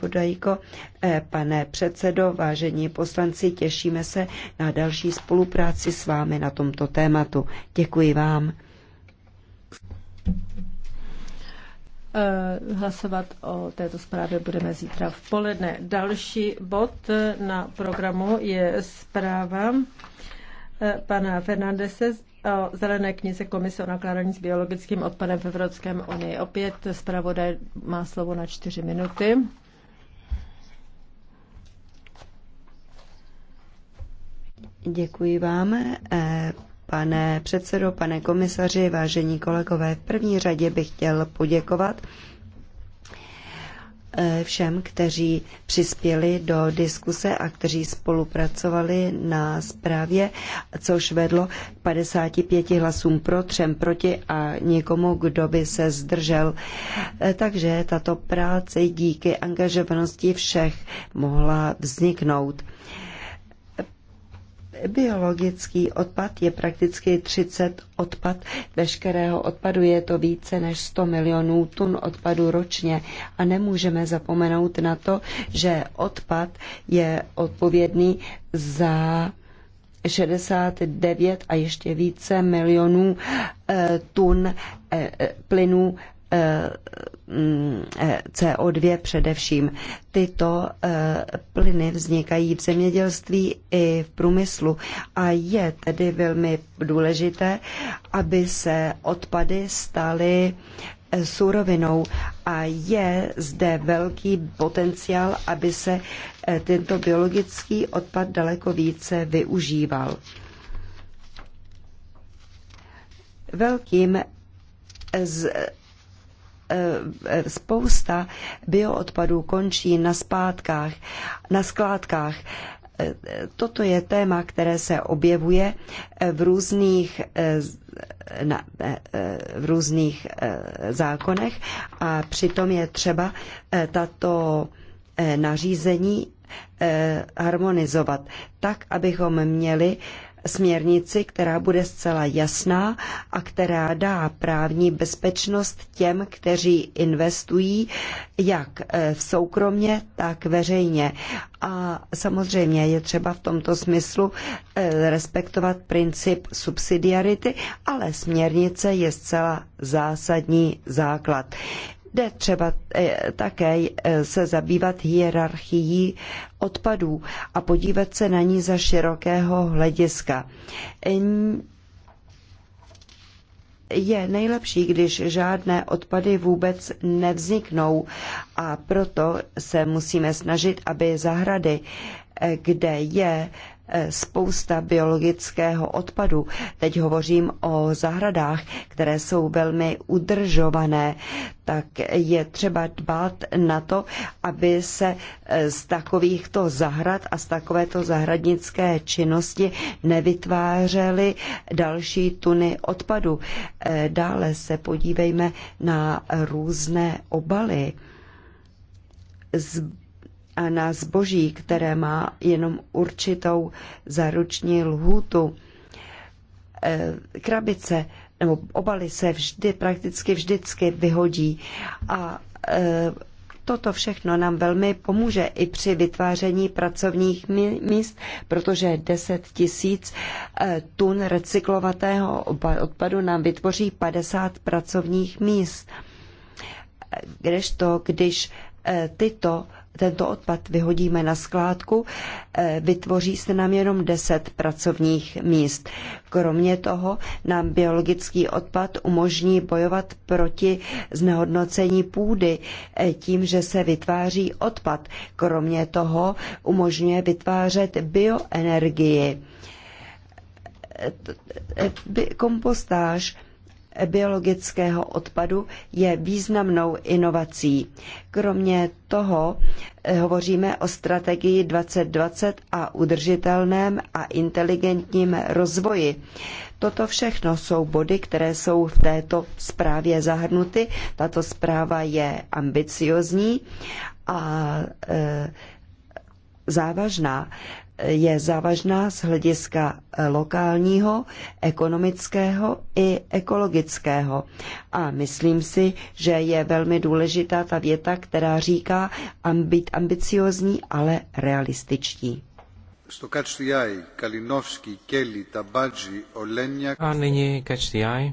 Podajko. Eh, pane předsedo, vážení poslanci, těšíme se na další spolupráci s vámi na tomto tématu. Děkuji vám. Eh, hlasovat o této zprávě budeme zítra v poledne. Další bod na programu je zpráva eh, pana Fernandese o zelené knize Komise o nakládání s biologickým odpadem v Evropském unii. Opět zpravodaj má slovo na čtyři minuty. Děkuji vám, eh, pane předsedo, pane komisaři, vážení kolegové. V první řadě bych chtěl poděkovat eh, všem, kteří přispěli do diskuse a kteří spolupracovali na zprávě, což vedlo k 55 hlasům pro, třem proti a někomu, kdo by se zdržel. Eh, takže tato práce díky angažovanosti všech mohla vzniknout biologický odpad je prakticky 30 odpad veškerého odpadu. Je to více než 100 milionů tun odpadu ročně a nemůžeme zapomenout na to, že odpad je odpovědný za 69 a ještě více milionů eh, tun eh, eh, plynů Eh, mm, eh, CO2 především. Tyto eh, plyny vznikají v zemědělství i v průmyslu a je tedy velmi důležité, aby se odpady staly surovinou a je zde velký potenciál, aby se tento biologický odpad daleko více využíval. Velkým z Eh, spousta bioodpadů končí na, spátkách, na skládkách. Eh, toto je téma, které se objevuje eh, v různých, v různých zákonech a přitom je třeba tato nařízení harmonizovat tak, abychom měli směrnici, která bude zcela jasná a která dá právní bezpečnost těm, kteří investují jak eh, v soukromně, tak veřejně. A samozřejmě je třeba v tomto smyslu eh, respektovat princip subsidiarity, ale směrnice je zcela zásadní základ. Jde třeba eh, také eh, se zabývat hierarchií odpadů a podívat se na ní za širokého hlediska je nejlepší, když žádné odpady vůbec nevzniknou a proto se musíme snažit, aby zahrady, eh, kde je Eh, spousta biologického odpadu. Teď hovořím o zahradách, které jsou velmi udržované, tak je třeba dbát na to, aby se eh, z takovýchto zahrad a z takovéto zahradnické činnosti nevytvářely další tuny odpadu. Eh, dále se podívejme na různé obaly z na zboží, které má jenom určitou zaruční lhůtu. E, krabice nebo obaly se vždy, prakticky vždycky vyhodí a e, toto všechno nám velmi pomůže i při vytváření pracovních míst, protože 10 tisíc e, tun recyklovatého odpadu nám vytvoří 50 pracovních míst. Kdežto, když tyto tento odpad vyhodíme na skládku, eh, vytvoří se nám jenom 10 pracovních míst. Kromě toho nám biologický odpad umožní bojovat proti znehodnocení půdy eh, tím, že se vytváří odpad. Kromě toho umožňuje vytvářet bioenergii. Eh, Kompostáž biologického odpadu je významnou inovací. Kromě toho eh, hovoříme o strategii 2020 a udržitelném a inteligentním rozvoji. Toto všechno jsou body, které jsou v této zprávě zahrnuty. Tato zpráva je ambiciozní a eh, závažná je závažná z hlediska eh, lokálního, ekonomického i ekologického. A myslím si, že je velmi důležitá ta věta, která říká být ambiciozní, ale realističtí. A nyní catch the eye.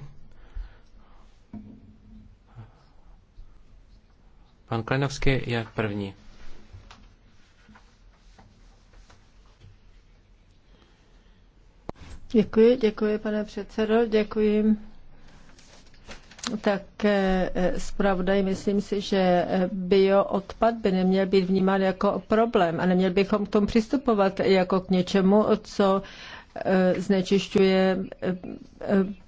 Pan Klenovský je první. Děkuji, děkuji, pane předsedo, děkuji. Tak eh, zpravodaj, myslím si, že eh, bioodpad by neměl být vnímán jako problém a neměl bychom k tomu přistupovat jako k něčemu, co eh, znečišťuje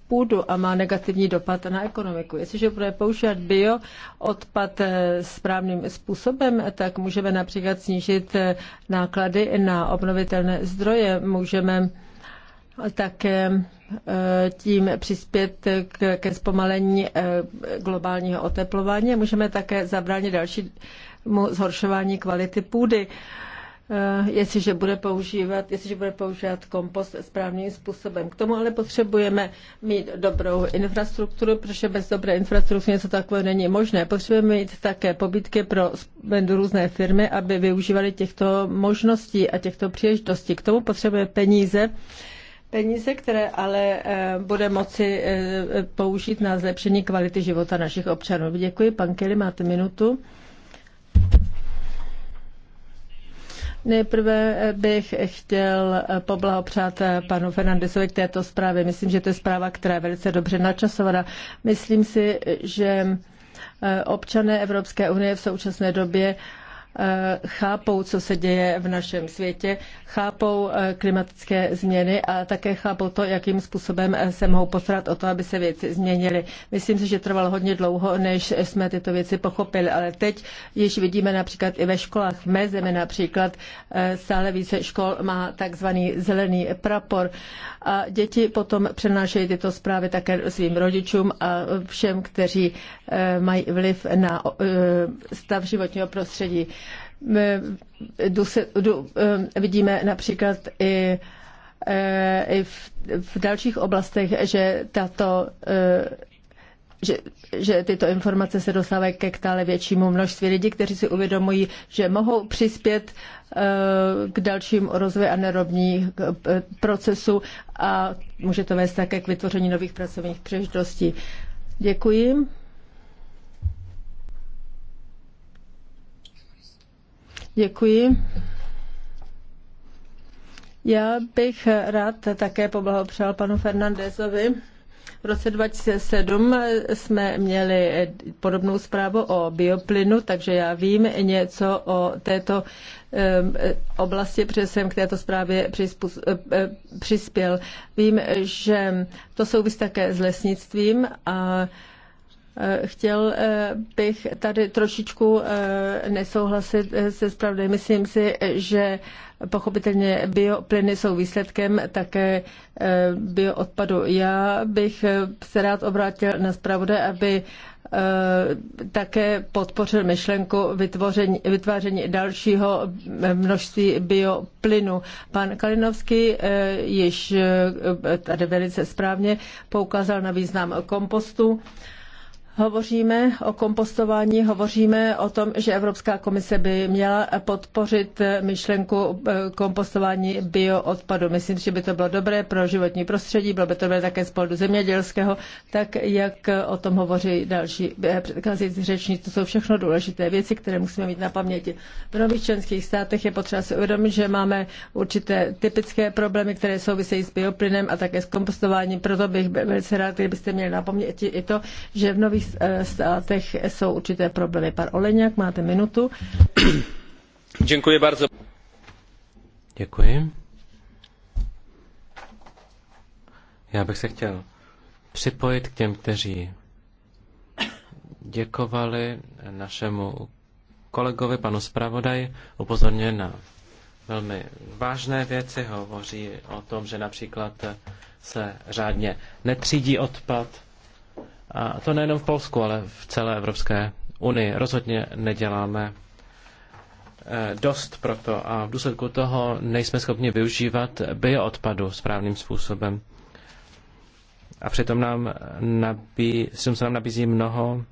půdu a má negativní dopad na ekonomiku. Jestliže bude používat bioodpad správným způsobem, tak můžeme například snížit náklady na obnovitelné zdroje, můžeme také eh, tím přispět k, ke zpomalení eh, globálního oteplování. Můžeme také zabránit dalšímu zhoršování kvality půdy. Eh, jestliže bude používat, jestliže bude používat kompost správným způsobem. K tomu ale potřebujeme mít dobrou infrastrukturu, protože bez dobré infrastruktury něco takového není možné. Potřebujeme mít také pobytky pro různé firmy, aby využívali těchto možností a těchto příležitostí. K tomu potřebujeme peníze, Peníze, které ale eh, bude moci eh, použít na zlepšení kvality života našich občanů. Děkuji, pan Kelly, máte minutu. Nejprve bych chtěl poblahopřát eh, panu Fernandesovi k této zprávě. Myslím, že to je zpráva, která je velice dobře načasovaná. Myslím si, že občané Evropské unie v současné době Eh, chápou, co se děje v našem světě, chápou eh, klimatické změny a také chápou to, jakým způsobem eh, se mohou postarat o to, aby se věci změnily. Myslím si, že trvalo hodně dlouho, než jsme tyto věci pochopili, ale teď již vidíme například i ve školách, v mé zemi například, stále více škol má takzvaný zelený prapor a děti potom přenášejí tyto zprávy také svým rodičům a všem, kteří mají vliv na stav životního prostředí. Ehm, vidíme například i eh, i v, v dalších oblastech, že tato eh, že, že tyto informace se dostávají ke stále většímu množství lidí, kteří si uvědomují, že mohou přispět eh, k dalším rozvoji a nerovní procesu a může to vést také k vytvoření nových pracovních příležitostí. Děkuji. Děkuji. Já bych rád také poblahopřál panu Fernandezovi. V roce 2007 jsme měli podobnou zprávu o bioplynu, takže já vím něco o této oblasti, protože jsem k této zprávě eh, přispěl. Vím, že to souvisí také s lesnictvím a Eh, chtěl eh, bych tady trošičku eh, nesouhlasit se zpravdou. Myslím si, že pochopitelně bioplyny jsou výsledkem také bioodpadu. Já bych se rád obrátil na zpravodaj, aby také podpořil myšlenku vytvoření, vytváření dalšího množství bioplynu. Pan Kalinovský již tady velice správně poukázal na význam kompostu. Hovoříme o kompostování, hovoříme o tom, že Evropská komise by měla podpořit myšlenku eh, kompostování bioodpadu. Myslím, že by to bylo dobré pro životní prostředí, bylo by to dobré také z pohledu zemědělského, tak jak o tom hovoří další eh, předcházející řečníci. To jsou všechno důležité věci, které musíme mít na paměti. V nových členských státech je potřeba si uvědomit, že máme určité typické problémy, které souvisejí s bioplynem a také s kompostováním. Proto bych velice rád, kdybyste měli na paměti i to, že v nových Eh, státech jsou určité problémy. Pan Oleňák, máte minutu. Děkuji bardzo. Děkuji. Já bych se chtěl připojit k těm, kteří děkovali našemu kolegovi, panu zpravodaj, upozorně na velmi vážné věci. Hovoří o tom, že například se řádně netřídí odpad, a to nejenom v Polsku, ale v celé Evropské unii. Rozhodně neděláme eh, dost proto a v důsledku toho nejsme schopni využívat bioodpadu správným způsobem. A přitom nám nabí, se nám nabízí mnoho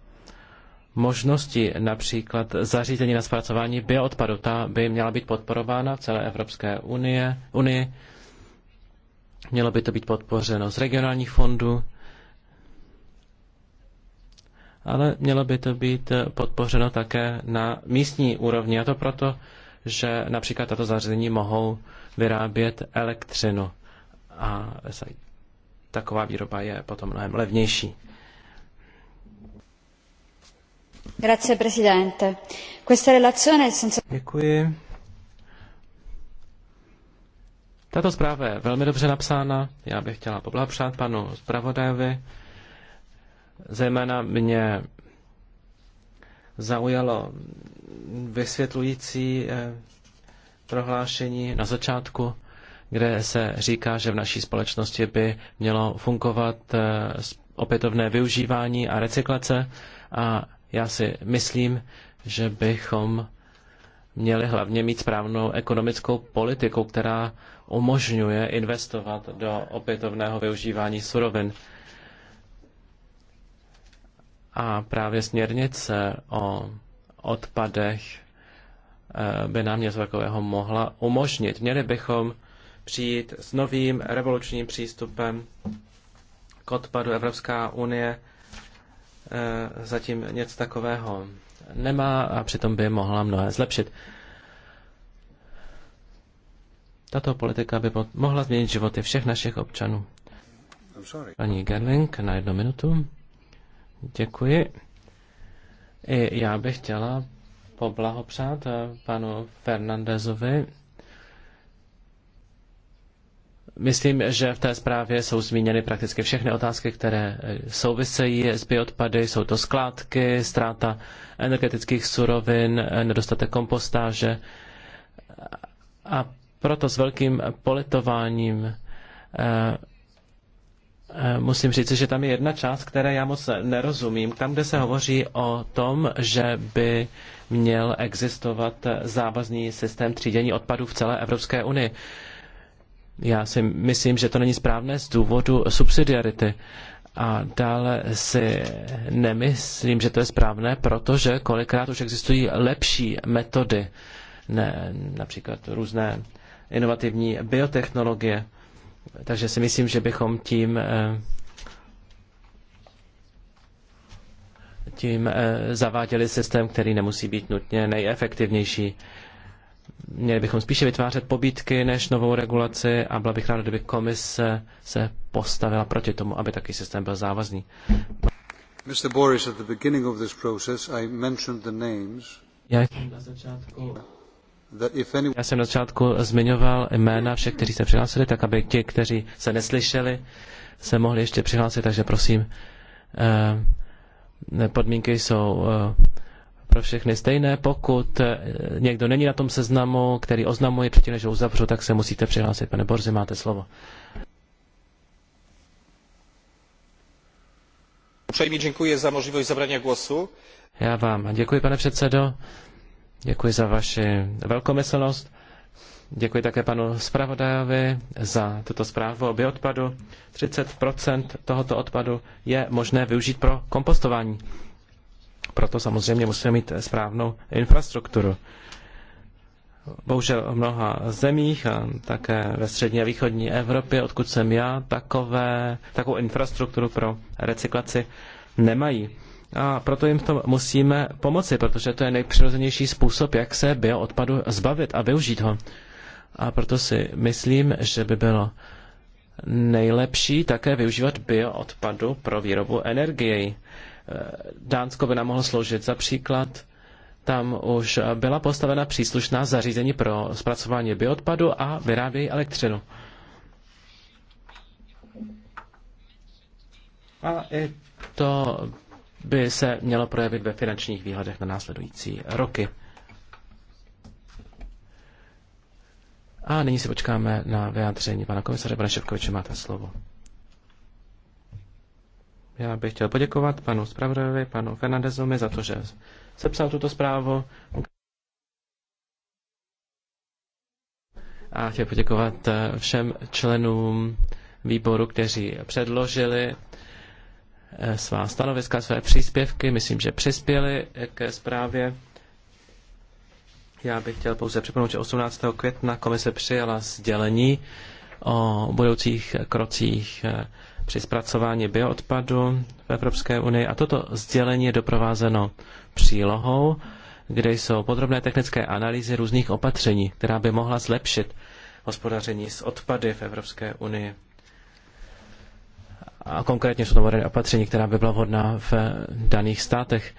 možností, například zařízení na zpracování bioodpadu. Ta by měla být podporována v celé Evropské unie, unii. Mělo by to být podpořeno z regionálních fondů ale mělo by to být podpořeno také na místní úrovni. A to proto, že například tato zařízení mohou vyrábět elektřinu a taková výroba je potom mnohem levnější. Grazie, Presidente. Questa relazione... Děkuji. Tato zpráva je velmi dobře napsána. Já bych chtěla poblahopřát panu zpravodajovi. Zejména mě zaujalo vysvětlující eh, prohlášení na začátku, kde se říká, že v naší společnosti by mělo fungovat eh, opětovné využívání a recyklace a já si myslím, že bychom měli hlavně mít správnou ekonomickou politiku, která umožňuje investovat do opětovného využívání surovin. A právě směrnice o odpadech eh, by nám něco takového mohla umožnit. Měli bychom přijít s novým revolučním přístupem k odpadu. Evropská unie eh, zatím něco takového nemá a přitom by mohla mnohé zlepšit. Tato politika by mohla změnit životy všech našich občanů. Paní Gerling, na jednu minutu. Děkuji. I já bych chtěla poblahopřát eh, panu Fernandezovi. Myslím, že v té zprávě jsou zmíněny prakticky všechny otázky, které eh, souvisejí s bioodpady. Jsou to skládky, ztráta energetických surovin, eh, nedostatek kompostáže. A proto s velkým politováním Eh, musím říct, že tam je jedna část, které já moc nerozumím. Tam, kde se hovoří o tom, že by měl existovat závazný systém třídění odpadů v celé Evropské unii. Já si myslím, že to není správné z důvodu subsidiarity. A dále si nemyslím, že to je správné, protože kolikrát už existují lepší metody, ne, například různé inovativní biotechnologie takže si myslím, že bychom tím eh, tím eh, zaváděli systém, který nemusí být nutně nejefektivnější. Měli bychom spíše vytvářet pobídky než novou regulaci a byla bych ráda, kdyby komise se postavila proti tomu, aby taky systém byl závazný. Mr. Boris, at the beginning of this process I mentioned the names. Já jsem na začátku já jsem na začátku zmiňoval jména všech, kteří se přihlásili, tak aby ti, kteří se neslyšeli, se mohli ještě přihlásit, takže prosím, eh, podmínky jsou eh, pro všechny stejné. Pokud eh, někdo není na tom seznamu, který oznamuje předtím, než ho uzavřu, tak se musíte přihlásit. Pane Borzi, máte slovo. Upřejmě děkuji za možnost zabrania głosu. Já vám děkuji, pane předsedo. Děkuji za vaši velkomyslnost. Děkuji také panu zpravodajovi za tuto zprávu o bioodpadu. 30 tohoto odpadu je možné využít pro kompostování. Proto samozřejmě musíme mít správnou infrastrukturu. Bohužel v mnoha zemích a také ve střední a východní Evropě, odkud jsem já, takové, takovou infrastrukturu pro recyklaci nemají a proto jim to musíme pomoci, protože to je nejpřirozenější způsob, jak se bioodpadu zbavit a využít ho. A proto si myslím, že by bylo nejlepší také využívat bioodpadu pro výrobu energie. E, Dánsko by nám mohlo sloužit za příklad. Tam už byla postavena příslušná zařízení pro zpracování bioodpadu a vyrábějí elektřinu. A i to by se mělo projevit ve finančních výhledech na následující roky. A nyní si počkáme na vyjádření pana komisaře Pana Ševkoviče. Máte slovo. Já bych chtěl poděkovat panu zpravodajovi, panu Fernandezovi za to, že sepsal tuto zprávu. A chtěl poděkovat eh, všem členům výboru, kteří předložili Eh, svá stanoviska, své příspěvky. Myslím, že přispěli eh, ke zprávě. Já bych chtěl pouze připomenout, že 18. května komise přijala sdělení o budoucích krocích eh, při zpracování bioodpadu v Evropské unii. A toto sdělení je doprovázeno přílohou, kde jsou podrobné technické analýzy různých opatření, která by mohla zlepšit hospodaření s odpady v Evropské unii a konkrétně jsou to uvedeny opatření, která by byla vhodná v daných státech.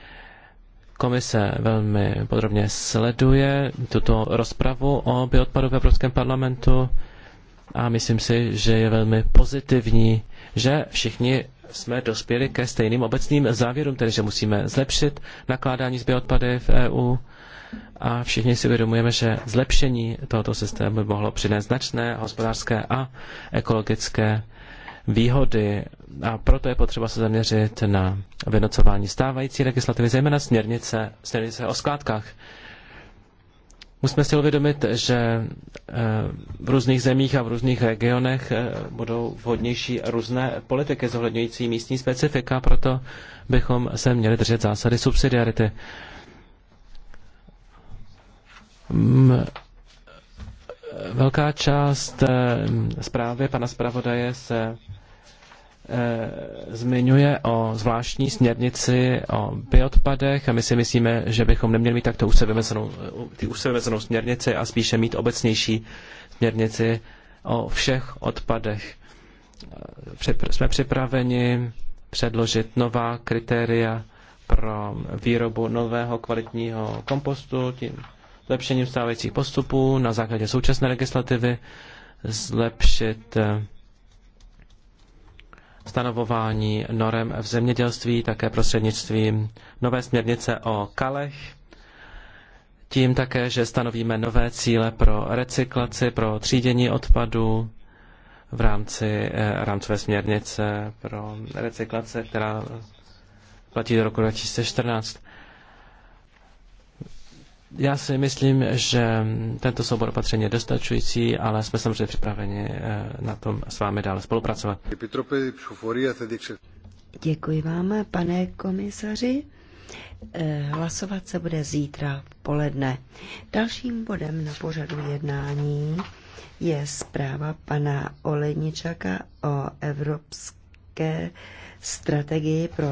Komise velmi podrobně sleduje tuto rozpravu o bioodpadu v Evropském parlamentu a myslím si, že je velmi pozitivní, že všichni jsme dospěli ke stejným obecným závěrům, tedy že musíme zlepšit nakládání s bioodpady v EU a všichni si uvědomujeme, že zlepšení tohoto systému by mohlo přinést značné hospodářské a ekologické výhody a proto je potřeba se zaměřit na vynocování stávající legislativy, zejména směrnice, směrnice o skládkách. Musíme si uvědomit, že eh, v různých zemích a v různých regionech eh, budou vhodnější různé politiky zohledňující místní specifika, proto bychom se měli držet zásady subsidiarity Velká část eh, zprávy pana zpravodaje se eh, zmiňuje o zvláštní směrnici o bioodpadech a my si myslíme, že bychom neměli mít takto už se eh, vymezenou směrnici a spíše mít obecnější směrnici o všech odpadech. jsme připraveni předložit nová kritéria pro výrobu nového kvalitního kompostu, tím zlepšením stávajících postupů na základě současné legislativy, zlepšit eh, stanovování norem v zemědělství, také prostřednictvím nové směrnice o kalech, tím také, že stanovíme nové cíle pro recyklaci, pro třídění odpadu v rámci eh, rámcové směrnice pro recyklace, která platí do roku 2014. Já si myslím, že tento soubor opatření je dostačující, ale jsme samozřejmě připraveni eh, na tom s vámi dále spolupracovat. Děkuji vám, pane komisaři. Eh, hlasovat se bude zítra v poledne. Dalším bodem na pořadu jednání je zpráva pana Olejničaka o evropské strategii pro